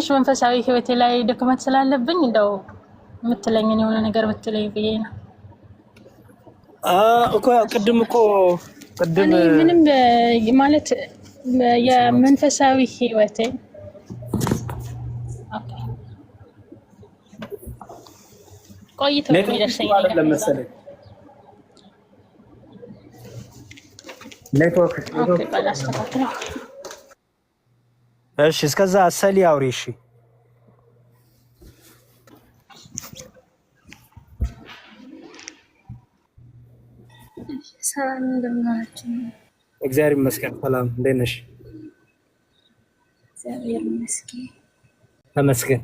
ትንሽ መንፈሳዊ ህይወቴ ላይ ድክመት ስላለብኝ እንደው የምትለኝን የሆነ ነገር ብትለኝ ብዬ ነው እኮ ቅድም እኮ ቅድም ምንም ማለት የመንፈሳዊ ህይወቴ ቆይቶ የሚደርሰኝ ለመሰለኝ ኔትወርክ እሺ፣ እስከዛ ሰሊ አውሪ። እሺ ሰላም እንደምን እግዚአብሔር ይመስገን። ሰላም እንዴት ነሽ? እግዚአብሔር ይመስገን። ተመስገን።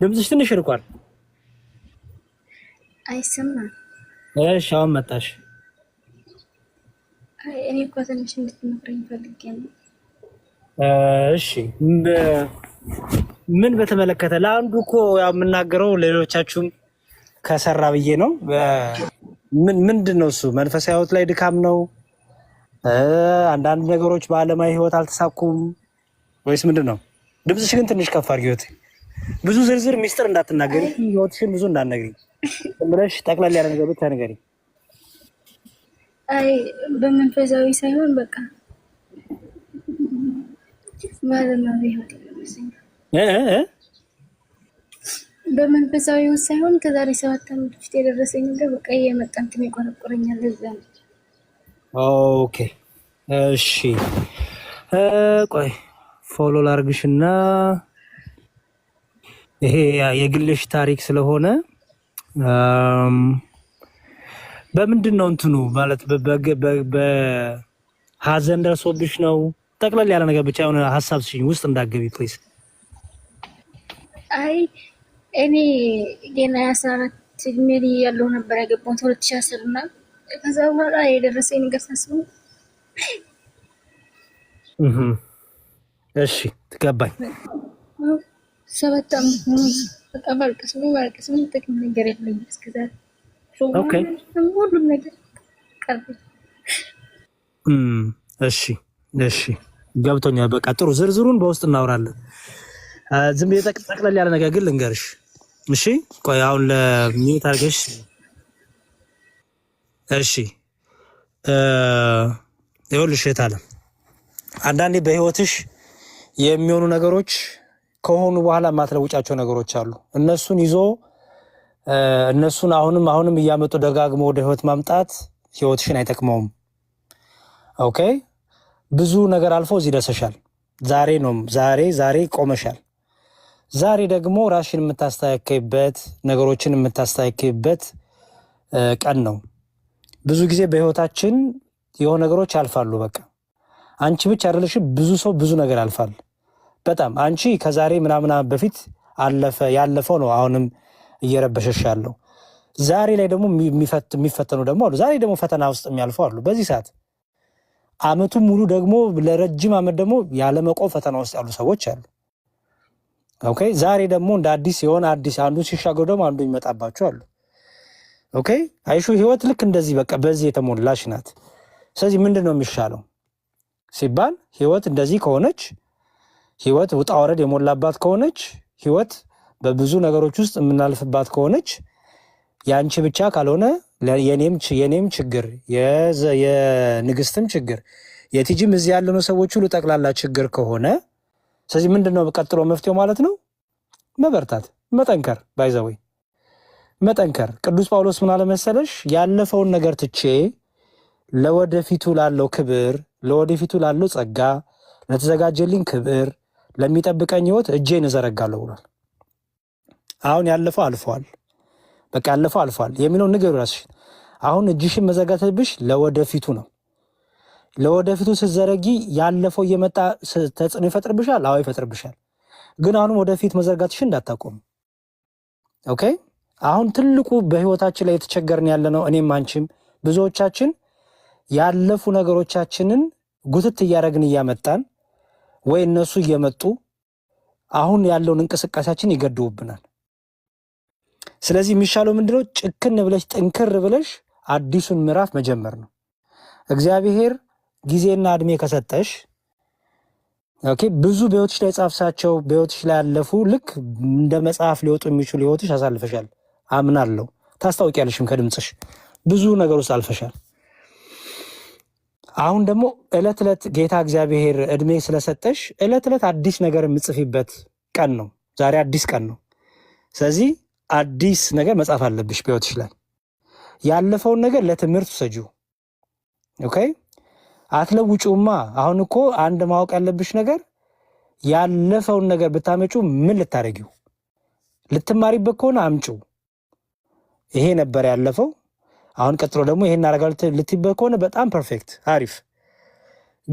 ድምፅሽ ትንሽ ርቋል፣ አይሰማም። እሺ፣ አሁን መጣሽ። እኔ እኮ ትንሽ እንድትመክረኝ ፈልጌ ነው። እሺ ምን በተመለከተ? ለአንዱ እኮ ያው የምናገረው ሌሎቻችሁም ከሰራ ብዬ ነው። ምን ምንድን ነው እሱ መንፈሳዊ ህይወት ላይ ድካም ነው? አንዳንድ ነገሮች በአለማዊ ህይወት አልተሳኩም ወይስ ምንድን ነው? ድምፅሽ ግን ትንሽ ከፍ አድርጊ። ብዙ ዝርዝር ሚስጥር እንዳትናገሪ፣ ህይወትሽን ብዙ እንዳትነግሪ ብለሽ ጠቅላላ ያለ ነገር ብቻ ንገሪ። አይ በመንፈሳዊ ሳይሆን በቃ ማለት ነው። በመንፈሳዊ ሳይሆን ከዛሬ ሰባት ዓመት በፊት የደረሰኝ ነገር በቃ እየመጣ እንትን ይቆረቆረኛል። ለዛ ነው። እሺ፣ ቆይ ፎሎ ላርግሽና ይሄ የግልሽ ታሪክ ስለሆነ በምንድን ነው እንትኑ ማለት በሀዘን ደርሶብሽ ነው? ጠቅለል ያለ ነገር ብቻ የሆነ ሀሳብ ስሽኝ ውስጥ እንዳገቢ ፕሊስ። አይ እኔ ገና የአስራ አራት እድሜ ያለው ነበር ያገባሁት ሁለት ሺህ አስር እና ከዛ በኋላ የደረሰ ነገር ሳስበው እሺ ትገባኝ ሰባት አመት በቃ ባልቅስ ባልቅስ ምን ጥቅም ነገር የለኝ እስከ ናቸው። ሁሉም ነገር እሺ ገብቶኛል። በቃ ጥሩ ዝርዝሩን በውስጥ እናውራለን። ዝም ብዬ ጠቅለል ያለ ነገር ግን ልንገርሽ። እሺ፣ ቆይ አሁን ለሚዩት አድርገሽ። እሺ፣ ይኸውልሽ አለ አንዳንዴ በህይወትሽ የሚሆኑ ነገሮች ከሆኑ በኋላ የማትለውጫቸው ነገሮች አሉ። እነሱን ይዞ እነሱን አሁንም አሁንም እያመጡ ደጋግሞ ወደ ህይወት ማምጣት ህይወትሽን አይጠቅመውም። ኦኬ ብዙ ነገር አልፎ እዚህ ደርሰሻል። ዛሬ ነው ዛሬ ዛሬ ቆመሻል። ዛሬ ደግሞ ራሽን የምታስተካከይበት ነገሮችን የምታስተካከይበት ቀን ነው። ብዙ ጊዜ በህይወታችን የሆኑ ነገሮች ያልፋሉ። በቃ አንቺ ብቻ አይደለሽም፣ ብዙ ሰው ብዙ ነገር ያልፋል። በጣም አንቺ ከዛሬ ምናምና በፊት አለፈ ያለፈው ነው አሁንም እየረበሸሽ ያለው። ዛሬ ላይ ደግሞ የሚፈተኑ ደግሞ አሉ። ዛሬ ደግሞ ፈተና ውስጥ የሚያልፉ አሉ። በዚህ ሰዓት አመቱ ሙሉ ደግሞ ለረጅም አመት ደግሞ ያለመቆም ፈተና ውስጥ ያሉ ሰዎች አሉ። ኦኬ ዛሬ ደግሞ እንደ አዲስ የሆነ አዲስ አንዱ ሲሻገሩ ደግሞ አንዱ ይመጣባቸው አሉ። ኦኬ አይሹ ህይወት ልክ እንደዚህ በቃ በዚህ የተሞላች ናት። ስለዚህ ምንድን ነው የሚሻለው ሲባል ህይወት እንደዚህ ከሆነች ህይወት ውጣ ወረድ የሞላባት ከሆነች ህይወት በብዙ ነገሮች ውስጥ የምናልፍባት ከሆነች የአንቺ ብቻ ካልሆነ የኔም ችግር የንግስትም ችግር የቲጂም እዚህ ያለነው ሰዎች ሁሉ ጠቅላላ ችግር ከሆነ ስለዚህ ምንድን ነው ቀጥሎ መፍትሄው ማለት ነው መበርታት፣ መጠንከር፣ ባይዘወይ መጠንከር። ቅዱስ ጳውሎስ ምን አለመሰለሽ ያለፈውን ነገር ትቼ ለወደፊቱ ላለው ክብር፣ ለወደፊቱ ላለው ጸጋ፣ ለተዘጋጀልኝ ክብር፣ ለሚጠብቀኝ ህይወት እጄን እዘረጋለሁ ብሏል። አሁን ያለፈው አልፏል፣ በቃ ያለፈው አልፏል የሚለው ንገሩ ራስሽን። አሁን እጅሽን መዘጋትብሽ ለወደፊቱ ነው። ለወደፊቱ ስትዘረጊ ያለፈው እየመጣ ተጽዕኖ ይፈጥርብሻል። አዎ ይፈጥርብሻል። ግን አሁንም ወደፊት መዘርጋትሽ እንዳታቆም። ኦኬ። አሁን ትልቁ በህይወታችን ላይ የተቸገርን ያለ ነው። እኔም አንቺም ብዙዎቻችን ያለፉ ነገሮቻችንን ጉትት እያደረግን እያመጣን ወይ እነሱ እየመጡ አሁን ያለውን እንቅስቃሴያችን ይገድቡብናል። ስለዚህ የሚሻለው ምንድነው? ጭክን ብለሽ ጥንክር ብለሽ አዲሱን ምዕራፍ መጀመር ነው። እግዚአብሔር ጊዜና እድሜ ከሰጠሽ ኦኬ፣ ብዙ በሕይወትሽ ላይ ጻፍሳቸው በሕይወትሽ ላይ ያለፉ ልክ እንደ መጽሐፍ ሊወጡ የሚችሉ ህይወትሽ አሳልፈሻል። አምናለሁ። ታስታውቂያለሽም ከድምፅሽ ብዙ ነገር ውስጥ አልፈሻል። አሁን ደግሞ ዕለት ዕለት ጌታ እግዚአብሔር እድሜ ስለሰጠሽ ዕለት ዕለት አዲስ ነገር የምጽፊበት ቀን ነው። ዛሬ አዲስ ቀን ነው። ስለዚህ አዲስ ነገር መጻፍ አለብሽ በሕይወትሽ ላይ። ያለፈውን ነገር ለትምህርት ውሰጁ ኦኬ፣ አትለውጩማ። አሁን እኮ አንድ ማወቅ ያለብሽ ነገር ያለፈውን ነገር ብታመጪው ምን ልታደርጊው? ልትማሪበት ከሆነ አምጪው። ይሄ ነበር ያለፈው፣ አሁን ቀጥሎ ደግሞ ይሄን አረጋ ልትበት ከሆነ በጣም ፐርፌክት፣ አሪፍ።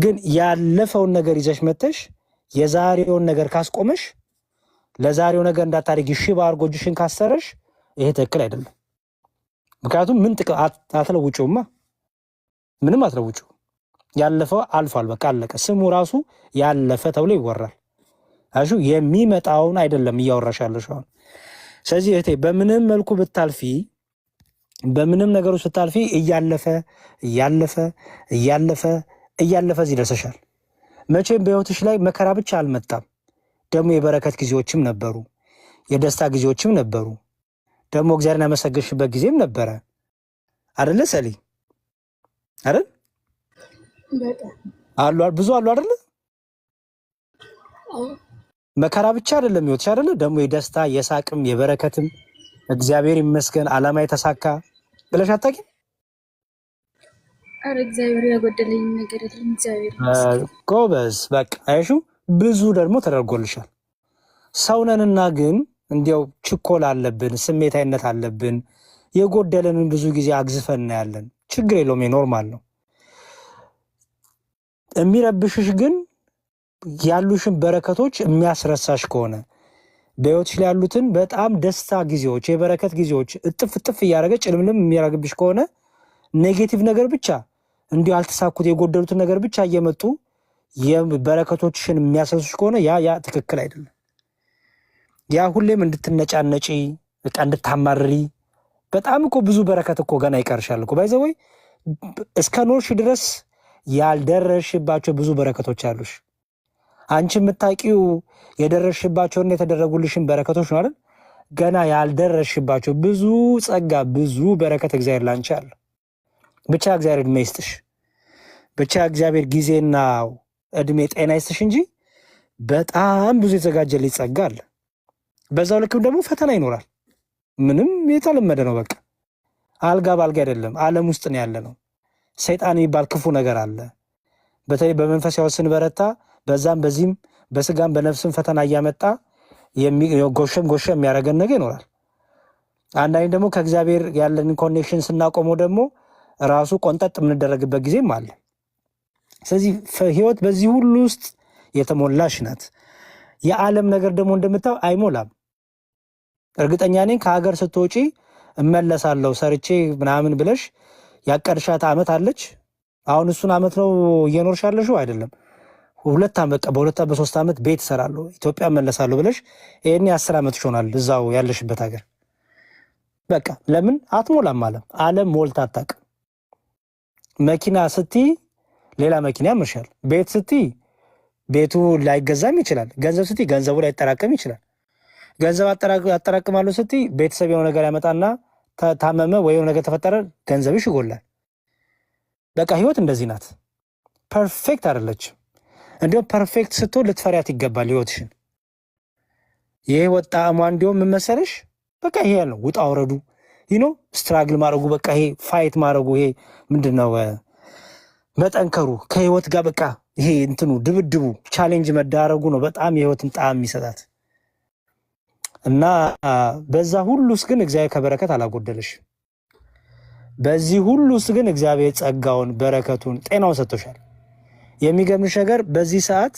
ግን ያለፈውን ነገር ይዘሽ መተሽ የዛሬውን ነገር ካስቆመሽ ለዛሬው ነገር እንዳታደርጊ እሺ በአድርጎ እጅሽን ካሰረሽ ይሄ ትክክል አይደለም። ምክንያቱም ምን ጥቅም አትለውጭውማ፣ ምንም አትለውጭው። ያለፈው አልፏል፣ በቃ አለቀ። ስሙ ራሱ ያለፈ ተብሎ ይወራል። አሹ የሚመጣውን አይደለም እያወራሽ ያለሽ አሁን። ስለዚህ እህቴ በምንም መልኩ ብታልፊ በምንም ነገሮች ብታልፊ እያለፈ እያለፈ እያለፈ እያለፈ እዚህ ደርሰሻል። መቼም በህይወትሽ ላይ መከራ ብቻ አልመጣም። ደግሞ የበረከት ጊዜዎችም ነበሩ፣ የደስታ ጊዜዎችም ነበሩ። ደግሞ እግዚአብሔር ያመሰግንሽበት ጊዜም ነበረ አደለ? ሰሊ አይደል? አሉ ብዙ አሉ አደለ? መከራ ብቻ አይደለም ህይወትሽ አደለ? ደግሞ የደስታ የሳቅም የበረከትም እግዚአብሔር ይመስገን አላማ የተሳካ ብለሽ አታቂ ኧረ እግዚአብሔር ያጎደለኝ ነገር የለም። እግዚአብሔር ጎበዝ በቃ አይሹ ብዙ ደግሞ ተደርጎልሻል። ሰውነንና ግን እንዲያው ችኮል አለብን፣ ስሜታዊነት አለብን። የጎደለንን ብዙ ጊዜ አግዝፈን እናያለን። ችግር የለውም ኖርማል ነው። የሚረብሽሽ ግን ያሉሽን በረከቶች የሚያስረሳሽ ከሆነ በህይወትሽ ላይ ያሉትን በጣም ደስታ ጊዜዎች፣ የበረከት ጊዜዎች እጥፍ እጥፍ እያደረገ ጭልምልም የሚያደርግብሽ ከሆነ ኔጌቲቭ ነገር ብቻ እንዲሁ ያልተሳኩት የጎደሉትን ነገር ብቻ እየመጡ በረከቶችሽን የሚያሰሱች ከሆነ ያ ያ ትክክል አይደለም። ያ ሁሌም እንድትነጫነጪ በቃ እንድታማርሪ በጣም እኮ ብዙ በረከት እኮ ገና ይቀርሻል እኮ ባይዘ ወይ እስከ ኖርሽ ድረስ ያልደረሽባቸው ብዙ በረከቶች አሉሽ። አንቺ የምታውቂው የደረሽባቸውና የተደረጉልሽን በረከቶች ነው አይደል? ገና ያልደረሽባቸው ብዙ ጸጋ፣ ብዙ በረከት እግዚአብሔር ላንቺ አለ። ብቻ እግዚአብሔር እድሜ ብቻ እግዚአብሔር ጊዜና እድሜ ጤና ይስሽ እንጂ በጣም ብዙ የተዘጋጀልኝ ጸጋ አለ። በዛው ልክም ደግሞ ፈተና ይኖራል። ምንም የተለመደ ነው። በቃ አልጋ በአልጋ አይደለም፣ ዓለም ውስጥ ነው ያለ ነው። ሰይጣን የሚባል ክፉ ነገር አለ። በተለይ በመንፈስ ያው ስንበረታ በዛም በዚህም በስጋም በነፍስም ፈተና እያመጣ ጎሸም ጎሸ የሚያደርገን ነገር ይኖራል። አንዳንድ ደግሞ ከእግዚአብሔር ያለን ኮኔክሽን ስናቆመው ደግሞ ራሱ ቆንጠጥ የምንደረግበት ጊዜም አለ። ስለዚህ ህይወት በዚህ ሁሉ ውስጥ የተሞላሽ ናት። የዓለም ነገር ደግሞ እንደምታየው አይሞላም። እርግጠኛ ነኝ ከሀገር ስትወጪ እመለሳለሁ ሰርቼ ምናምን ብለሽ ያቀድሻት አመት አለች። አሁን እሱን አመት ነው እየኖርሽ ያለሽው አይደለም። ሁለት ዓመት በሁለት በሶስት ዓመት ቤት እሰራለሁ ኢትዮጵያ እመለሳለሁ ብለሽ ይህኔ አስር ዓመት ይሆናል እዛው ያለሽበት ሀገር። በቃ ለምን አትሞላም? አለም አለም ሞልታ አታውቅም። መኪና ስትይ ሌላ መኪና ያምርሻል። ቤት ስቲ ቤቱ ላይገዛም ይችላል። ገንዘብ ስቲ ገንዘቡ ላይጠራቅም ይችላል። ገንዘብ አጠራቅማለሁ ስትይ ቤተሰብ የሆነ ነገር ያመጣና ታመመ ወይ የሆነ ነገር ተፈጠረ፣ ገንዘብሽ ይጎላል። በቃ ህይወት እንደዚህ ናት። ፐርፌክት አይደለችም። እንዲሁም ፐርፌክት ስትሆን ልትፈሪያት ይገባል ህይወትሽን። ይህ ወጣ ሟ እንዲሁም የምመሰለሽ በቃ ይሄ ያለው ውጣ አውረዱ ይኖ ስትራግል ማድረጉ በቃ ይሄ ፋይት ማድረጉ ይሄ ምንድን ነው መጠንከሩ ከህይወት ጋር በቃ ይሄ እንትኑ ድብድቡ ቻሌንጅ መዳረጉ ነው በጣም የህይወትን ጣዕም የሚሰጣት እና በዛ ሁሉ ውስጥ ግን እግዚአብሔር ከበረከት አላጎደለሽ። በዚህ ሁሉ ውስጥ ግን እግዚአብሔር ጸጋውን፣ በረከቱን፣ ጤናውን ሰጥቶሻል። የሚገርምሽ ነገር በዚህ ሰዓት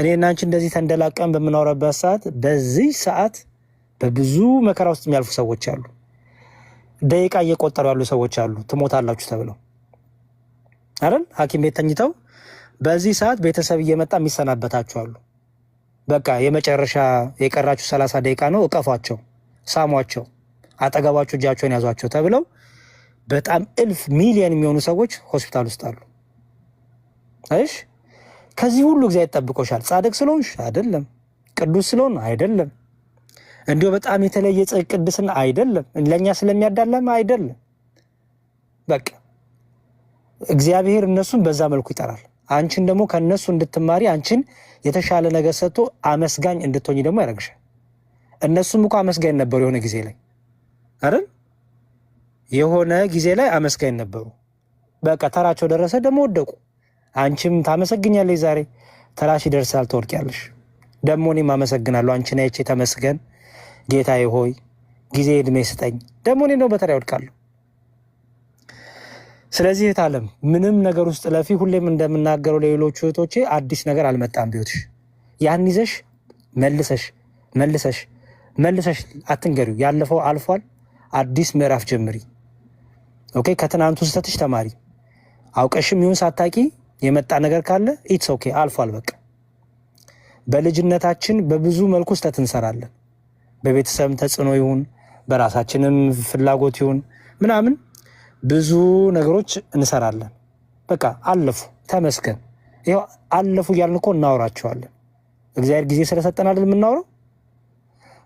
እኔ እና አንቺ እንደዚህ ተንደላቀን በምናወራበት ሰዓት በዚህ ሰዓት በብዙ መከራ ውስጥ የሚያልፉ ሰዎች አሉ። ደቂቃ እየቆጠሩ ያሉ ሰዎች አሉ። ትሞታላችሁ ተብለው አይደል? ሐኪም ቤት ተኝተው በዚህ ሰዓት ቤተሰብ እየመጣ የሚሰናበታቸው አሉ። በቃ የመጨረሻ የቀራችሁ ሰላሳ ደቂቃ ነው፣ እቀፏቸው፣ ሳሟቸው፣ አጠገባችሁ እጃቸውን ያዟቸው ተብለው በጣም እልፍ ሚሊየን የሚሆኑ ሰዎች ሆስፒታል ውስጥ አሉ። እሽ ከዚህ ሁሉ እግዚአብሔር ጠብቆሻል። ጻድቅ ስለሆንሽ አይደለም፣ ቅዱስ ስለሆን አይደለም፣ እንዲሁ በጣም የተለየ ቅድስና አይደለም፣ ለእኛ ስለሚያዳለም አይደለም። በቃ እግዚአብሔር እነሱን በዛ መልኩ ይጠራል። አንቺን ደግሞ ከእነሱ እንድትማሪ አንቺን የተሻለ ነገር ሰጥቶ አመስጋኝ እንድትሆኝ ደግሞ ያደርግሻል። እነሱም እኮ አመስጋኝ ነበሩ የሆነ ጊዜ ላይ አይደል? የሆነ ጊዜ ላይ አመስጋኝ ነበሩ። በቃ ተራቸው ደረሰ፣ ደግሞ ወደቁ። አንቺም ታመሰግኛለች። ዛሬ ተራሽ ይደርሳል፣ ትወድቂያለሽ። ደግሞ እኔም አመሰግናለሁ። አንቺን አይቼ ተመስገን ጌታዬ ሆይ ጊዜ እድሜ ስጠኝ። ደግሞ እኔ ነው በተራ ይወድቃለሁ። ስለዚህ እህት አለም ምንም ነገር ውስጥ ለፊ ሁሌም እንደምናገረው ለሌሎቹ እህቶቼ አዲስ ነገር አልመጣም። ቢወትሽ ያን ይዘሽ መልሰሽ መልሰሽ መልሰሽ አትንገሪው። ያለፈው አልፏል፣ አዲስ ምዕራፍ ጀምሪ። ኦኬ፣ ከትናንቱ ስህተትሽ ተማሪ። አውቀሽም ይሁን ሳታቂ የመጣ ነገር ካለ ኢትስ ኦኬ፣ አልፏል፣ በቃ። በልጅነታችን በብዙ መልኩ ስህተት እንሰራለን። በቤተሰብ ተጽዕኖ ይሁን በራሳችንም ፍላጎት ይሁን ምናምን ብዙ ነገሮች እንሰራለን። በቃ አለፉ፣ ተመስገን። ይኸው አለፉ እያልን እኮ እናወራቸዋለን። እግዚአብሔር ጊዜ ስለሰጠን አይደል የምናወራው?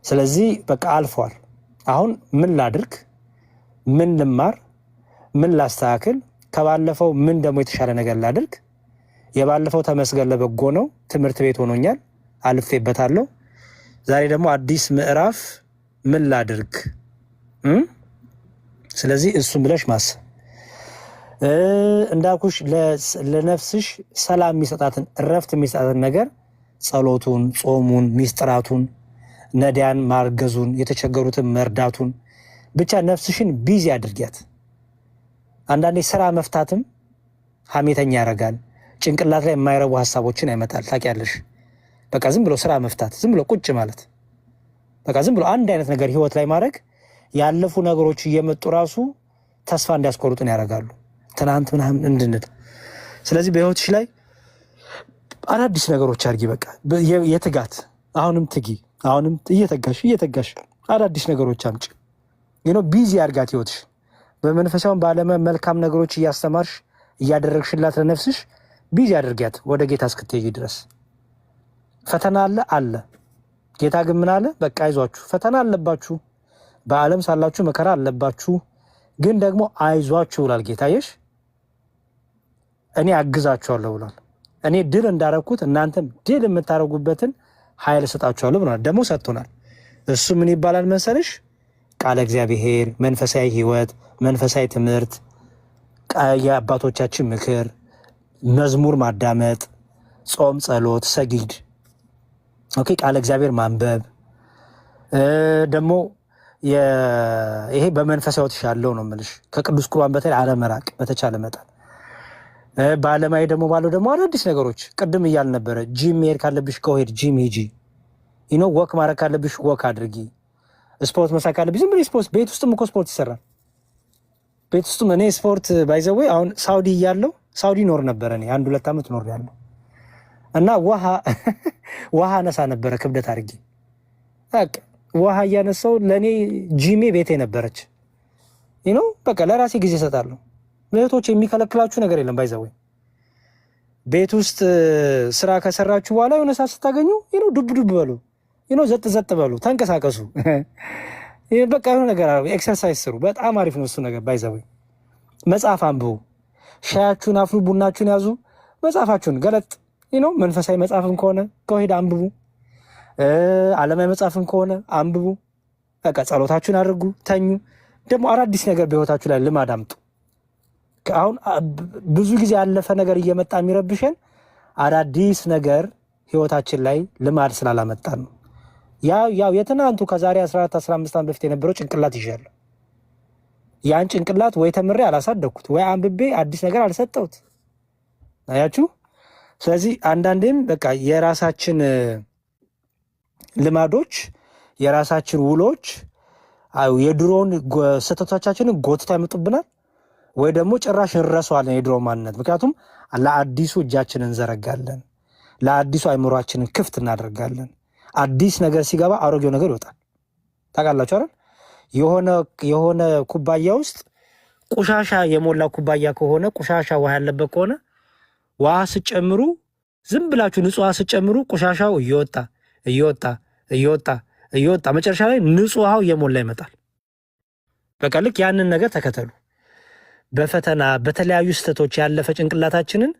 ስለዚህ በቃ አልፏል። አሁን ምን ላድርግ፣ ምን ልማር፣ ምን ላስተካክል፣ ከባለፈው ምን ደግሞ የተሻለ ነገር ላድርግ። የባለፈው ተመስገን ለበጎ ነው፣ ትምህርት ቤት ሆኖኛል፣ አልፌበታለሁ። ዛሬ ደግሞ አዲስ ምዕራፍ ምን ላድርግ ስለዚህ እሱም ብለሽ ማሰብ እንዳልኩሽ ለነፍስሽ ሰላም የሚሰጣትን እረፍት የሚሰጣትን ነገር ጸሎቱን፣ ጾሙን፣ ሚስጥራቱን፣ ነዳያን ማርገዙን፣ የተቸገሩትን መርዳቱን ብቻ ነፍስሽን ቢዚ አድርጊያት። አንዳንዴ ስራ መፍታትም ሀሜተኛ ያደርጋል። ጭንቅላት ላይ የማይረቡ ሀሳቦችን ያመጣል። ታውቂያለሽ። በቃ ዝም ብሎ ስራ መፍታት፣ ዝም ብሎ ቁጭ ማለት፣ በቃ ዝም ብሎ አንድ አይነት ነገር ህይወት ላይ ማድረግ ያለፉ ነገሮች እየመጡ ራሱ ተስፋ እንዲያስቆርጡን ያደርጋሉ፣ ትናንት ምናምን እንድንል። ስለዚህ በህይወትሽ ላይ አዳዲስ ነገሮች አድርጊ። በቃ የትጋት አሁንም ትጊ፣ አሁንም እየተጋሽ እየተጋሽ አዳዲስ ነገሮች አምጭ። ይኖ ቢዚ አድርጋት ህይወትሽ በመንፈሳውን በዓለመ መልካም ነገሮች እያስተማርሽ እያደረግሽላት ለነፍስሽ ቢዚ አድርጊያት ወደ ጌታ እስክትይ ድረስ። ፈተና አለ አለ። ጌታ ግን ምን አለ? በቃ ይዟችሁ ፈተና አለባችሁ በዓለም ሳላችሁ መከራ አለባችሁ፣ ግን ደግሞ አይዟችሁ ብሏል ጌታዬሽ። እኔ አግዛችኋለሁ ብሏል። እኔ ድል እንዳረግኩት እናንተም ድል የምታደርጉበትን ኃይል እሰጣችኋለሁ ብሏል። ደግሞ ሰጥቶናል። እሱ ምን ይባላል መሰልሽ? ቃለ እግዚአብሔር፣ መንፈሳዊ ህይወት መንፈሳዊ ትምህርት፣ የአባቶቻችን ምክር፣ መዝሙር ማዳመጥ፣ ጾም፣ ጸሎት፣ ሰጊድ፣ ኦኬ ቃለ እግዚአብሔር ማንበብ ደግሞ ይሄ በመንፈሳዊ ያለው ነው የምልሽ። ከቅዱስ ቁርባን በተለይ አለመራቅ በተቻለ መጠን በአለማዊ ደግሞ ባለው ደግሞ አዳዲስ ነገሮች ቅድም እያል ነበረ። ጂም መሄድ ካለብሽ ከሄድ ጂም ሂጂ፣ ይኖ ወክ ማድረግ ካለብሽ ወክ አድርጊ፣ ስፖርት መሳ ካለብሽ ዝም ብለሽ ስፖርት። ቤት ውስጥም እኮ ስፖርት ይሰራል። ቤት ውስጥም እኔ ስፖርት ባይዘወይ አሁን ሳውዲ እያለው ሳውዲ ኖር ነበረ። እኔ አንድ ሁለት ዓመት ኖር ያለው እና ውሃ ነሳ ነበረ ክብደት አድርጊ በቃ ውሃ እያነሳው ለእኔ ጂሜ ቤቴ ነበረች። ነው በቃ ለራሴ ጊዜ እሰጣለሁ። እህቶች የሚከለክላችሁ ነገር የለም። ባይዘወይ ቤት ውስጥ ስራ ከሰራችሁ በኋላ የሆነ ሰዓት ስታገኙ ይነው ዱብ ዱብ በሉ፣ ዘጥ ዘጥ በሉ፣ ተንቀሳቀሱ። በቃ የሆነ ነገር ኤክሰርሳይዝ ስሩ። በጣም አሪፍ ነው እሱ ነገር። ባይዘወይ መጽሐፍ አንብቡ። ሻያችሁን አፍሉ፣ ቡናችሁን ያዙ፣ መጽሐፋችሁን ገለጥ መንፈሳዊ መጽሐፍም ከሆነ ከሄድ አንብቡ። አለማዊ መጽሐፍም ከሆነ አንብቡ። በቃ ጸሎታችሁን አድርጉ፣ ተኙ። ደግሞ አዳዲስ ነገር በህይወታችሁ ላይ ልማድ አምጡ። አሁን ብዙ ጊዜ ያለፈ ነገር እየመጣ የሚረብሸን አዳዲስ ነገር ህይወታችን ላይ ልማድ ስላላመጣ ነው። ያው ያው የትናንቱ ከዛሬ 14 15 ዓመት በፊት የነበረው ጭንቅላት ይዣለሁ። ያን ጭንቅላት ወይ ተምሬ አላሳደግኩት ወይ አንብቤ አዲስ ነገር አልሰጠሁት። አያችሁ። ስለዚህ አንዳንዴም በቃ የራሳችን ልማዶች፣ የራሳችን ውሎች የድሮውን ስህተቶቻችንን ጎትታ ያመጡብናል፣ ወይ ደግሞ ጭራሽ እንረሳዋለን የድሮ ማንነት። ምክንያቱም ለአዲሱ እጃችን እንዘረጋለን፣ ለአዲሱ አይምሯችንን ክፍት እናደርጋለን። አዲስ ነገር ሲገባ አሮጌው ነገር ይወጣል። ታውቃላችሁ አይደል? የሆነ ኩባያ ውስጥ ቆሻሻ የሞላ ኩባያ ከሆነ ቆሻሻ ውሃ ያለበት ከሆነ ውሃ ስጨምሩ ዝም ብላችሁ ንጹህ ውሃ ስጨምሩ ቆሻሻው እየወጣ እየወጣ እየወጣ እየወጣ መጨረሻ ላይ ንጹህ ውሃው እየሞላ ይመጣል። በቃ ልክ ያንን ነገር ተከተሉ። በፈተና በተለያዩ ስህተቶች ያለፈ ጭንቅላታችንን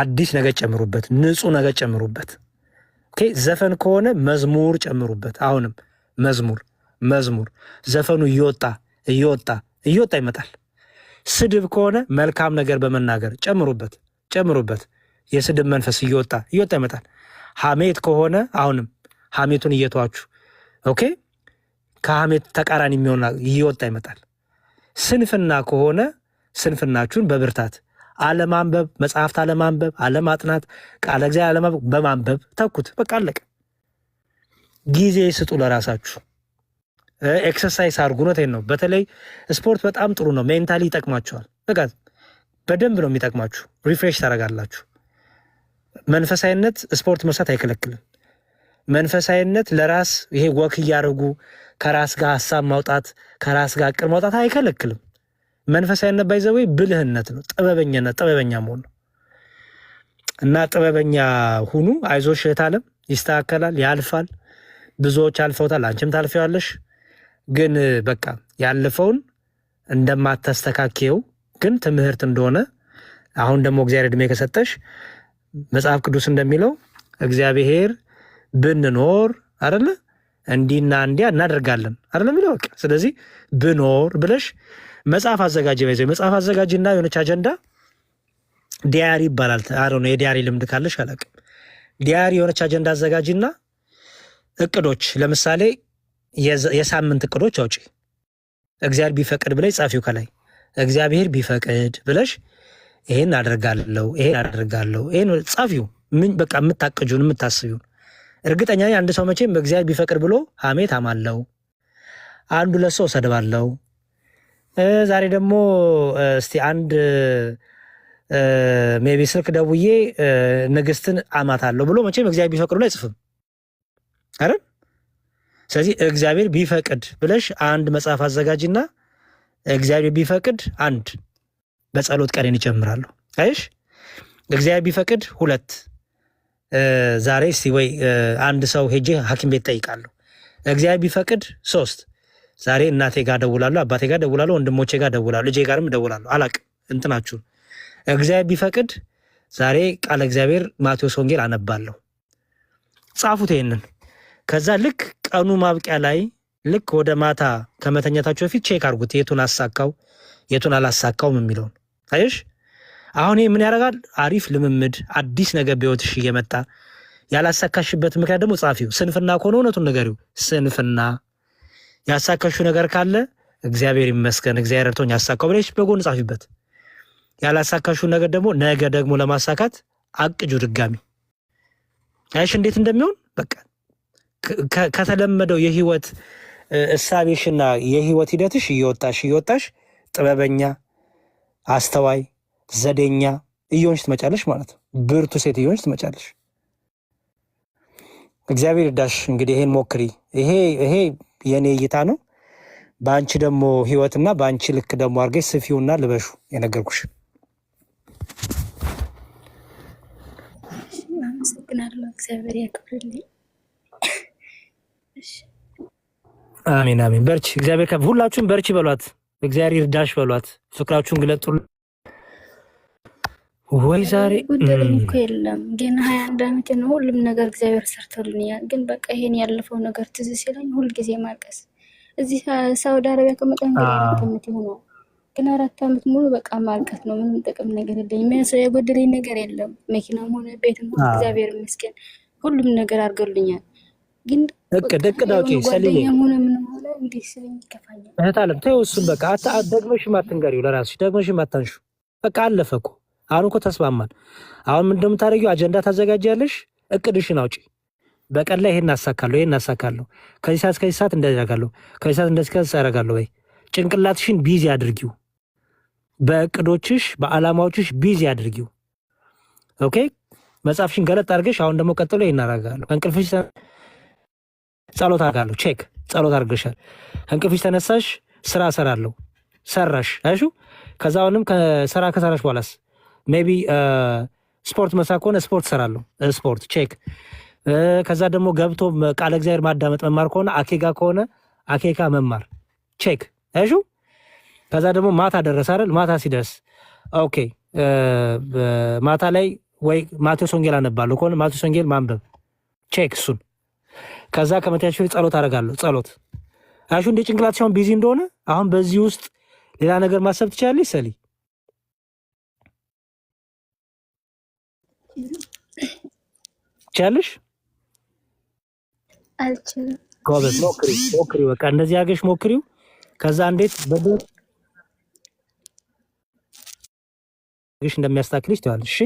አዲስ ነገር ጨምሩበት፣ ንጹህ ነገር ጨምሩበት። ዘፈን ከሆነ መዝሙር ጨምሩበት። አሁንም መዝሙር መዝሙር ዘፈኑ እየወጣ እየወጣ እየወጣ ይመጣል። ስድብ ከሆነ መልካም ነገር በመናገር ጨምሩበት ጨምሩበት። የስድብ መንፈስ እየወጣ እየወጣ ይመጣል። ሐሜት ከሆነ አሁንም ሐሜቱን እየተዋችሁ ኦኬ፣ ከሐሜት ተቃራኒ የሚሆን እየወጣ ይመጣል። ስንፍና ከሆነ ስንፍናችሁን በብርታት አለማንበብ፣ መጽሐፍት አለማንበብ፣ አለማጥናት፣ ቃለ እግዚአብሔር አለማንበብ፣ በማንበብ ተኩት። በቃ አለቀ። ጊዜ ስጡ ለራሳችሁ። ኤክሰርሳይዝ አድርጉ። እውነቴን ነው። በተለይ ስፖርት በጣም ጥሩ ነው። ሜንታሊ ይጠቅማችኋል። በቃ በደንብ ነው የሚጠቅማችሁ። ሪፍሬሽ ታደርጋላችሁ። መንፈሳዊነት ስፖርት መስራት አይከለክልም። መንፈሳዊነት ለራስ ይሄ ወክ እያደረጉ ከራስ ጋር ሀሳብ ማውጣት ከራስ ጋር እቅድ ማውጣት አይከለክልም። መንፈሳዊነት ባይዘዌ ብልህነት ነው፣ ጥበበኛነት ጥበበኛ መሆን ነው። እና ጥበበኛ ሁኑ። አይዞሽ እህት አለም፣ ይስተካከላል፣ ያልፋል። ብዙዎች አልፈውታል፣ አንቺም ታልፈዋለሽ። ግን በቃ ያለፈውን እንደማታስተካክየው ግን ትምህርት እንደሆነ አሁን ደግሞ እግዚአብሔር እድሜ ከሰጠሽ መጽሐፍ ቅዱስ እንደሚለው እግዚአብሔር ብንኖር አይደለ እንዲና እንዲያ እናደርጋለን አይደለ የሚለው በቃ። ስለዚህ ብኖር ብለሽ መጽሐፍ አዘጋጅ ይዘ መጽሐፍ አዘጋጅና የሆነች አጀንዳ ዲያሪ ይባላል። አረ ነው የዲያሪ ልምድ ካለሽ አላውቅም። ዲያሪ የሆነች አጀንዳ አዘጋጅና እቅዶች፣ ለምሳሌ የሳምንት እቅዶች አውጪ። እግዚአብሔር ቢፈቅድ ብለሽ ጻፊው ከላይ እግዚአብሔር ቢፈቅድ ብለሽ ይሄን አደርጋለሁ፣ ይሄን አደርጋለሁ፣ ይሄን ጻፊው። ምን በቃ የምታቅጁን የምታስቢውን። እርግጠኛ አንድ ሰው መቼም በእግዚአብሔር ቢፈቅድ ብሎ ሐሜት አማለው፣ አንዱ ለሰው ሰድባለው። ዛሬ ደግሞ እስቲ አንድ ሜቢ ስልክ ደውዬ ንግስትን አማታለሁ ብሎ መቼም እግዚአብሔር ቢፈቅድ ብሎ አይጽፍም አይደል? ስለዚህ እግዚአብሔር ቢፈቅድ ብለሽ አንድ መጽሐፍ አዘጋጅና እግዚአብሔር ቢፈቅድ አንድ በጸሎት ቀኔን እጀምራለሁ። አይሽ እግዚአብሔር ቢፈቅድ ሁለት ዛሬ እስቲ ወይ አንድ ሰው ሄጄ ሐኪም ቤት ጠይቃለሁ። እግዚአብሔር ቢፈቅድ ሶስት ዛሬ እናቴ ጋር ደውላለሁ፣ አባቴ ጋር ደውላለሁ፣ ወንድሞቼ ጋር ደውላለሁ፣ ልጄ ጋርም ደውላለሁ። አላቅ እንትናችሁ እግዚአብሔር ቢፈቅድ ዛሬ ቃለ እግዚአብሔር ማቴዎስ ወንጌል አነባለሁ። ጻፉት ይህንን። ከዛ ልክ ቀኑ ማብቂያ ላይ ልክ ወደ ማታ ከመተኛታችሁ በፊት ቼክ አርጉት፣ የቱን አሳካው የቱን አላሳካውም የሚለውን ታይሽ አሁን ይህ ምን ያደርጋል? አሪፍ ልምምድ፣ አዲስ ነገር በህይወትሽ እየመጣ ያላሳካሽበት ምክንያት ደግሞ ጻፊው ስንፍና ከሆነ እውነቱን ንገሪው። ስንፍና ያሳካሹ ነገር ካለ እግዚአብሔር ይመስገን እግዚአብሔር ረድቶኝ ያሳካው ብለሽ በጎን ጻፊበት። ያላሳካሹ ነገር ደግሞ ነገ ደግሞ ለማሳካት አቅጁ። ድጋሚ አይሽ እንዴት እንደሚሆን በቃ ከተለመደው የህይወት እሳቤሽና የህይወት ሂደትሽ እየወጣሽ እየወጣሽ ጥበበኛ አስተዋይ፣ ዘዴኛ እየሆንሽ ትመጫለሽ ማለት ነው። ብርቱ ሴት እየሆንሽ ትመጫለሽ። እግዚአብሔር ይርዳሽ። እንግዲህ ይሄን ሞክሪ። ይሄ ይሄ የእኔ እይታ ነው። በአንቺ ደግሞ ህይወትና በአንቺ ልክ ደግሞ አድርገሽ ስፊውና ልበሹ የነገርኩሽ። አመሰግናለሁ። አሜን አሜን። በርቺ። እግዚአብሔር ሁላችሁም በርቺ በሏት። እግዚአብሔር ዳሽ በሏት። ፍቅራችሁን ግለጡ። ወይ ዛሬ ጉዳይም እኮ የለም ግን ሀያ አንድ አመት ነው። ሁሉም ነገር እግዚአብሔር ሰርቶልኛል። ግን በቃ ይሄን ያለፈው ነገር ትዝ ሲለኝ ሁልጊዜ ማልቀስ እዚህ ሳውዲ አረቢያ ከመጣን ገነት ሆኖ ግን አራት አመት ሙሉ በቃ ማልቀስ ነው። ምንም ጥቅም ነገር የለኝ፣ ሰው የጎደለኝ ነገር የለም። መኪናም ሆነ ቤትም ሆነ እግዚአብሔር ይመስገን ሁሉም ነገር አድርገውልኛል። ግን እቅድ እቅድ አውጪ ሰልዬ ሆነ ምንም እህት አለም ተይው፣ እሱን በቃ ደግመሽም አትንገሪው ለራስሽ፣ ደግመሽም በቃ አለፈ እኮ አሁን እኮ ተስማማን። አሁን እንደምታደርጊው አጀንዳ ታዘጋጃለሽ፣ እቅድሽን አውጪ። በቀን ላይ ይሄን ይሄን ከዚህ ሰዓት ሰዓት ከዚህ ሰዓት እንደዚህ ከዚህ ወይ ጭንቅላትሽን ቢዚ አድርጊው፣ በእቅዶችሽ በአላማዎችሽ ቢዚ አድርጊው። ኦኬ መጽሐፍሽን ገለጥ አድርገሽ አሁን ደግሞ ቀጥሎ ጸሎት አደርጋለሁ፣ ቼክ ጸሎት አድርገሻል። ከእንቅልፍሽ ተነሳሽ፣ ስራ ሰራለሁ ሰራሽ አይሹ ከዛ አሁንም ከስራ ከሰራሽ በኋላስ ሜቢ ስፖርት መስራት ከሆነ ስፖርት ሰራለሁ፣ ስፖርት ቼክ። ከዛ ደግሞ ገብቶ ቃለ እግዚአብሔር ማዳመጥ መማር ከሆነ አኬጋ ከሆነ አኬካ መማር ቼክ አይሹ። ከዛ ደግሞ ማታ ደረስ አይደል? ማታ ሲደርስ ኦኬ፣ ማታ ላይ ወይ ማቴዎስ ወንጌል አነባለሁ ከሆነ ማቴዎስ ወንጌል ማንበብ ቼክ እሱን ከዛ ከመታያቸው በፊት ጸሎት አደርጋለሁ። ጸሎት አሹ እንደ ጭንቅላት ሲሆን ቢዚ እንደሆነ አሁን በዚህ ውስጥ ሌላ ነገር ማሰብ ትችላለች። ሰሊ ቻለሽ? ጎበዝ ሞክሪ፣ ሞክሪ። በቃ እንደዚህ አገሽ ሞክሪው። ከዛ እንዴት በግሽ እንደሚያስታክልሽ ትዋለሽ።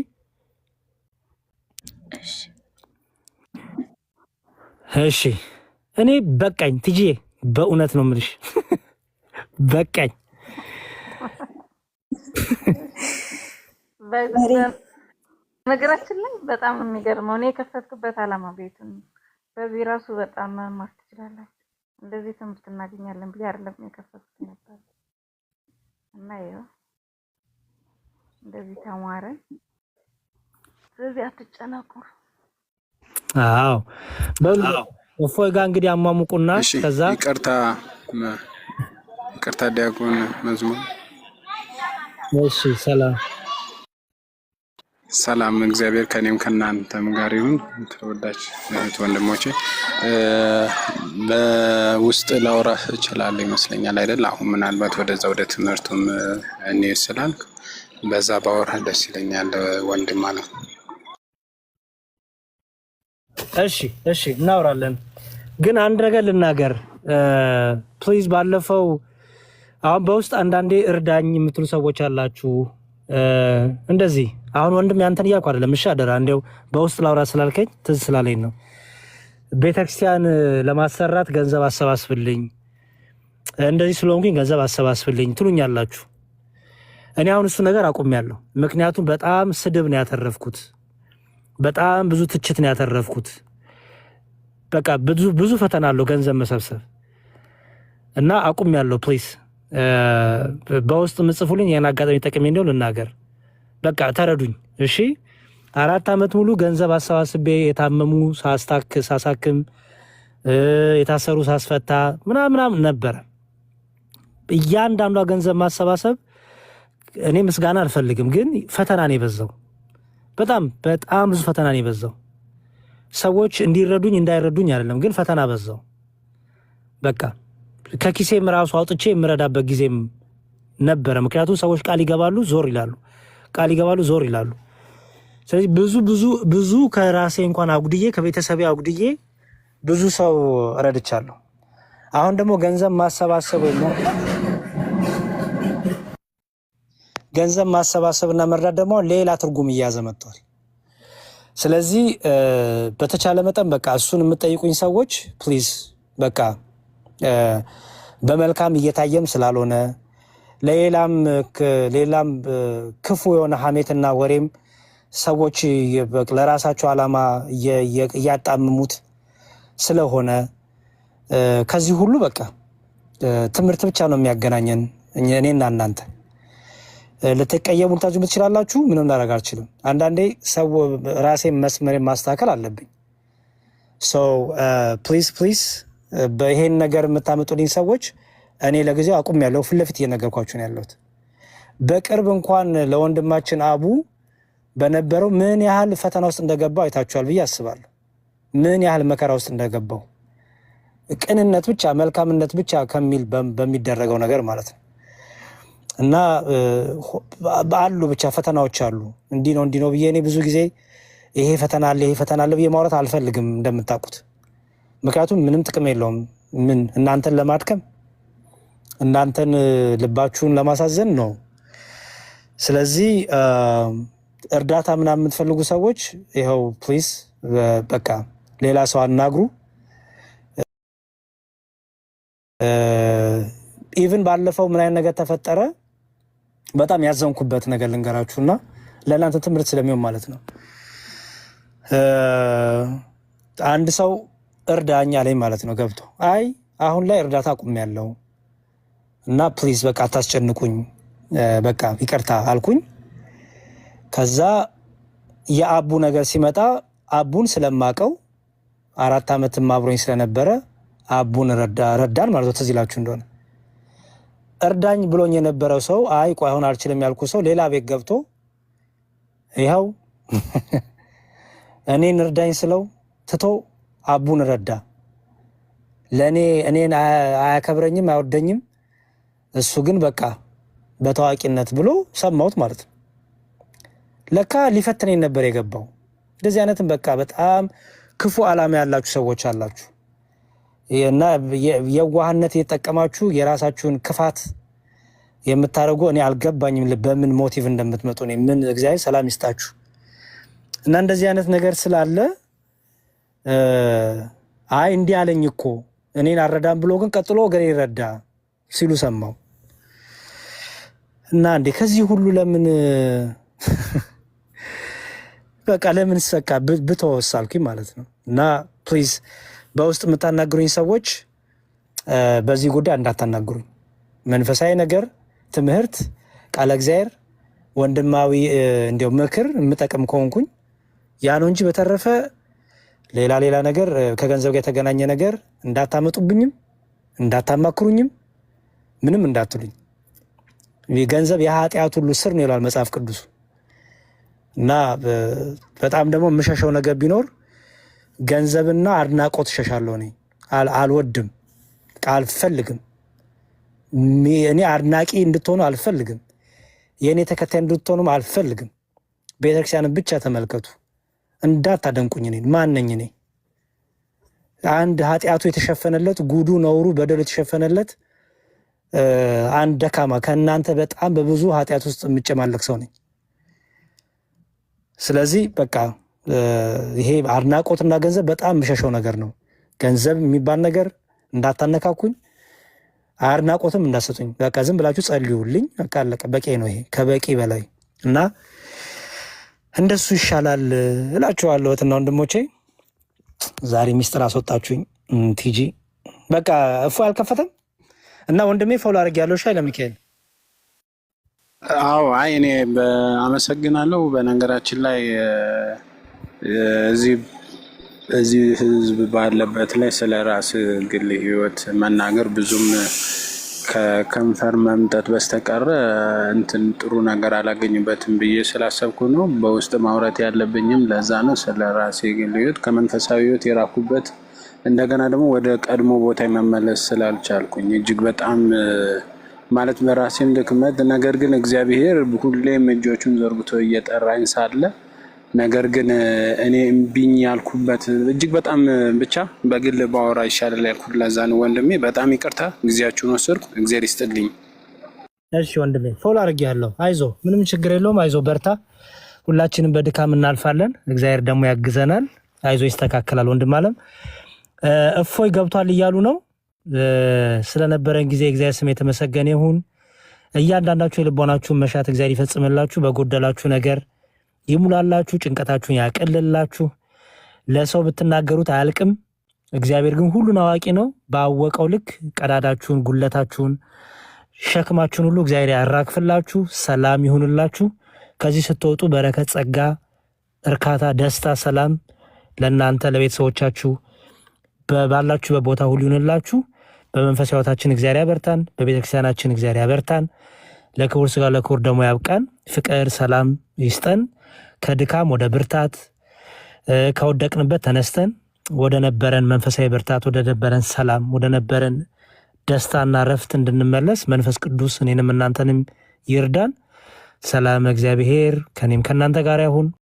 እሺ እሺ እኔ በቃኝ ትጂ፣ በእውነት ነው የምልሽ በቃኝ። ነገራችን ላይ በጣም የሚገርመው እኔ የከፈትኩበት አላማ ቤቱን በዚህ ራሱ በጣም መማር ትችላላችሁ። እንደዚህ ትምህርት እናገኛለን ብዬ አይደለም የከፈትኩት ነበር እና ይኸው እንደዚህ ተማረን። ስለዚህ አትጨነቁ። አዎ እፎይ ጋር እንግዲህ አሟሙቁና ከዛ ይቅርታ ይቅርታ ዲያቆን መዝሙር እሺ ሰላም ሰላም እግዚአብሔር ከኔም ከእናንተም ጋር ይሁን። ተወዳጅ እህት ወንድሞቼ በውስጥ ላውራ እችላለሁ ይመስለኛል አይደል? አሁን ምናልባት ወደዛ ወደ ትምህርቱም እኔ ስላልክ በዛ ባወራ ደስ ይለኛል ወንድም አለ እሺ፣ እሺ፣ እናወራለን። ግን አንድ ነገር ልናገር ፕሊዝ። ባለፈው አሁን በውስጥ አንዳንዴ እርዳኝ የምትሉ ሰዎች አላችሁ። እንደዚህ አሁን ወንድም ያንተን እያልኩ አይደለም። እሺ፣ አደራ እንዲያው በውስጥ ላውራ ስላልከኝ ትዝ ስላለኝ ነው። ቤተክርስቲያን ለማሰራት ገንዘብ አሰባስብልኝ፣ እንደዚህ ስለሆንኩኝ ገንዘብ አሰባስብልኝ ትሉኝ አላችሁ። እኔ አሁን እሱ ነገር አቁሜያለሁ። ምክንያቱም በጣም ስድብ ነው ያተረፍኩት በጣም ብዙ ትችት ነው ያተረፍኩት። በቃ ብዙ ብዙ ፈተና አለው ገንዘብ መሰብሰብ እና አቁም ያለው ፕሊስ በውስጥ ምጽፉልኝ ይህን አጋጣሚ ጠቅሜ እንዲው ልናገር። በቃ ተረዱኝ። እሺ አራት ዓመት ሙሉ ገንዘብ አሰባስቤ የታመሙ ሳስታክ ሳሳክም የታሰሩ ሳስፈታ ምናምናም ነበረ። እያንዳንዷ ገንዘብ ማሰባሰብ እኔ ምስጋና አልፈልግም፣ ግን ፈተና ነው የበዛው። በጣም በጣም ብዙ ፈተና ነው የበዛው። ሰዎች እንዲረዱኝ እንዳይረዱኝ አይደለም፣ ግን ፈተና በዛው። በቃ ከኪሴም ራሱ አውጥቼ የምረዳበት ጊዜም ነበረ። ምክንያቱም ሰዎች ቃል ይገባሉ፣ ዞር ይላሉ፣ ቃል ይገባሉ፣ ዞር ይላሉ። ስለዚህ ብዙ ብዙ ብዙ ከራሴ እንኳን አጉድዬ ከቤተሰቤ አጉድዬ ብዙ ሰው ረድቻለሁ። አሁን ደግሞ ገንዘብ ማሰባሰብ ወይ ገንዘብ ማሰባሰብና መርዳት ደግሞ ሌላ ትርጉም እያያዘ መጥቷል። ስለዚህ በተቻለ መጠን በቃ እሱን የምጠይቁኝ ሰዎች ፕሊዝ በቃ በመልካም እየታየም ስላልሆነ ለሌላም ሌላም ክፉ የሆነ ሀሜትና ወሬም ሰዎች ለራሳቸው ዓላማ እያጣምሙት ስለሆነ ከዚህ ሁሉ በቃ ትምህርት ብቻ ነው የሚያገናኘን እኔና እናንተ። ልትቀየሙ ልታችሁ ትችላላችሁ። ምንም ላደርግ አልችልም። አንዳንዴ ሰው ራሴ መስመር ማስተካከል አለብኝ። ፕሊስ ፕሊስ በይሄን ነገር የምታመጡልኝ ሰዎች እኔ ለጊዜው አቁም ያለው ፊት ለፊት እየነገርኳችሁ ነው ያለሁት። በቅርብ እንኳን ለወንድማችን አቡ በነበረው ምን ያህል ፈተና ውስጥ እንደገባው አይታችኋል ብዬ አስባለሁ። ምን ያህል መከራ ውስጥ እንደገባው ቅንነት ብቻ መልካምነት ብቻ ከሚል በሚደረገው ነገር ማለት ነው እና አሉ ብቻ ፈተናዎች አሉ። እንዲህ ነው እንዲህ ነው ብዬ እኔ ብዙ ጊዜ ይሄ ፈተና አለ ይሄ ፈተና አለ ብዬ ማውራት አልፈልግም እንደምታውቁት። ምክንያቱም ምንም ጥቅም የለውም። ምን እናንተን ለማድከም እናንተን ልባችሁን ለማሳዘን ነው። ስለዚህ እርዳታ ምናምን የምትፈልጉ ሰዎች ይኸው ፕሊስ፣ በቃ ሌላ ሰው አናግሩ። ኢቭን ባለፈው ምን አይነት ነገር ተፈጠረ በጣም ያዘንኩበት ነገር ልንገራችሁና ለእናንተ ትምህርት ስለሚሆን ማለት ነው። አንድ ሰው እርዳኛ ላይ ማለት ነው ገብቶ አይ አሁን ላይ እርዳታ ቁም ያለው እና ፕሊዝ በቃ አታስጨንቁኝ፣ በቃ ይቅርታ አልኩኝ። ከዛ የአቡ ነገር ሲመጣ አቡን ስለማቀው አራት ዓመትም አብሮኝ ስለነበረ አቡን ረዳን ማለት ነው። ትዝ ይላችሁ እንደሆነ እርዳኝ ብሎኝ የነበረ ሰው አይ ቆይ አሁን አልችልም ያልኩ ሰው ሌላ ቤት ገብቶ ይኸው እኔን እርዳኝ ስለው ትቶ አቡን ረዳ። ለእኔ እኔን አያከብረኝም አይወደኝም፣ እሱ ግን በቃ በታዋቂነት ብሎ ሰማሁት ማለት ነው። ለካ ሊፈትነኝ ነበር የገባው። እንደዚህ አይነትም በቃ በጣም ክፉ ዓላማ ያላችሁ ሰዎች አላችሁ። እና የዋህነት የጠቀማችሁ የራሳችሁን ክፋት የምታደርጉ እኔ አልገባኝም። በምን ሞቲቭ እንደምትመጡ እኔ ምን እግዚአብሔር ሰላም ይስጣችሁ። እና እንደዚህ አይነት ነገር ስላለ አይ እንዲህ አለኝ እኮ እኔን አረዳም ብሎ ግን ቀጥሎ ወገኔ ይረዳ ሲሉ ሰማው እና እንዴ ከዚህ ሁሉ ለምን በቃ ለምን ሰካ ብተወሳልኩኝ ማለት ነው እና ፕሊዝ በውስጥ የምታናግሩኝ ሰዎች በዚህ ጉዳይ እንዳታናግሩኝ። መንፈሳዊ ነገር፣ ትምህርት፣ ቃለ እግዚአብሔር፣ ወንድማዊ እንዲያው ምክር የምጠቅም ከሆንኩኝ ያ ነው እንጂ በተረፈ ሌላ ሌላ ነገር ከገንዘብ ጋር የተገናኘ ነገር እንዳታመጡብኝም እንዳታማክሩኝም ምንም እንዳትሉኝ። ገንዘብ የኃጢአት ሁሉ ስር ነው ይላል መጽሐፍ ቅዱስ። እና በጣም ደግሞ የምሸሸው ነገር ቢኖር ገንዘብና አድናቆት እሸሻለሁ። እኔ አልወድም፣ አልፈልግም። እኔ አድናቂ እንድትሆኑ አልፈልግም። የእኔ ተከታይ እንድትሆኑም አልፈልግም። ቤተክርስቲያንን ብቻ ተመልከቱ፣ እንዳታደንቁኝ። እኔ ማን ነኝ? እኔ አንድ ኃጢአቱ የተሸፈነለት ጉዱ ነውሩ በደሉ የተሸፈነለት አንድ ደካማ ከእናንተ በጣም በብዙ ኃጢአት ውስጥ የምጨማለቅ ሰው ነኝ። ስለዚህ በቃ ይሄ አድናቆትና ገንዘብ በጣም የምሸሸው ነገር ነው። ገንዘብ የሚባል ነገር እንዳታነካኩኝ፣ አድናቆትም እንዳሰጡኝ። በቃ ዝም ብላችሁ ጸልዩልኝ። በቃ አለቀ፣ በቂ ነው። ይሄ ከበቂ በላይ እና እንደሱ ይሻላል እላችኋለሁ። እህትና ወንድሞቼ ዛሬ ሚስጥር አስወጣችሁኝ። ቲጂ በቃ እፎ አልከፈተም እና ወንድሜ ፎሎ አድርግ ያለው ሻይ ለሚካኤል አዎ፣ አይ እኔ አመሰግናለሁ። በነገራችን ላይ እዚህ ህዝብ ባለበት ላይ ስለ ራስ ግል ህይወት መናገር ብዙም ከከንፈር መምጠት በስተቀር እንትን ጥሩ ነገር አላገኝበትም ብዬ ስላሰብኩ ነው። በውስጥ ማውራት ያለብኝም ለዛ ነው። ስለ ራሴ ግል ህይወት ከመንፈሳዊ ህይወት የራኩበት እንደገና ደግሞ ወደ ቀድሞ ቦታ መመለስ ስላልቻልኩኝ እጅግ በጣም ማለት በራሴም ድክመት ነገር ግን እግዚአብሔር ሁሌም እጆቹን ዘርግቶ እየጠራኝ ሳለ ነገር ግን እኔ እምቢኝ ያልኩበት እጅግ በጣም ብቻ በግል ባወራ ይሻላል ያልኩት ለዛ ነው። ወንድሜ በጣም ይቅርታ፣ ጊዜያችሁን ወሰድኩ። እግዚአብሔር ይስጥልኝ። እሺ ወንድሜ ፎሎ አድርጌ ያለው አይዞ፣ ምንም ችግር የለውም። አይዞ በርታ። ሁላችንም በድካም እናልፋለን። እግዚአብሔር ደግሞ ያግዘናል። አይዞ፣ ይስተካከላል። ወንድም አለም እፎይ ገብቷል እያሉ ነው። ስለነበረን ጊዜ እግዚአብሔር ስም የተመሰገነ ይሁን። እያንዳንዳችሁ የልቦናችሁን መሻት እግዚአብሔር ይፈጽምላችሁ። በጎደላችሁ ነገር ይሙላላችሁ፣ ጭንቀታችሁን ያቀልላችሁ። ለሰው ብትናገሩት አያልቅም። እግዚአብሔር ግን ሁሉን አዋቂ ነው። ባወቀው ልክ ቀዳዳችሁን፣ ጉለታችሁን፣ ሸክማችሁን ሁሉ እግዚአብሔር ያራግፍላችሁ። ሰላም ይሁንላችሁ። ከዚህ ስትወጡ በረከት፣ ጸጋ፣ እርካታ፣ ደስታ፣ ሰላም ለእናንተ ለቤተሰቦቻችሁ ባላችሁበት ቦታ ሁሉ ይሁንላችሁ። በመንፈሳዊ ሕይወታችን እግዚአብሔር ያበርታን። በቤተክርስቲያናችን እግዚአብሔር ያበርታን። ለክቡር ስጋ ለክቡር ደግሞ ያብቃን። ፍቅር ሰላም ይስጠን። ከድካም ወደ ብርታት ከወደቅንበት ተነስተን ወደ ነበረን መንፈሳዊ ብርታት ወደ ነበረን ሰላም ወደ ነበረን ደስታና ረፍት እንድንመለስ መንፈስ ቅዱስ እኔንም እናንተንም ይርዳን። ሰላም እግዚአብሔር ከኔም ከእናንተ ጋር ይሁን።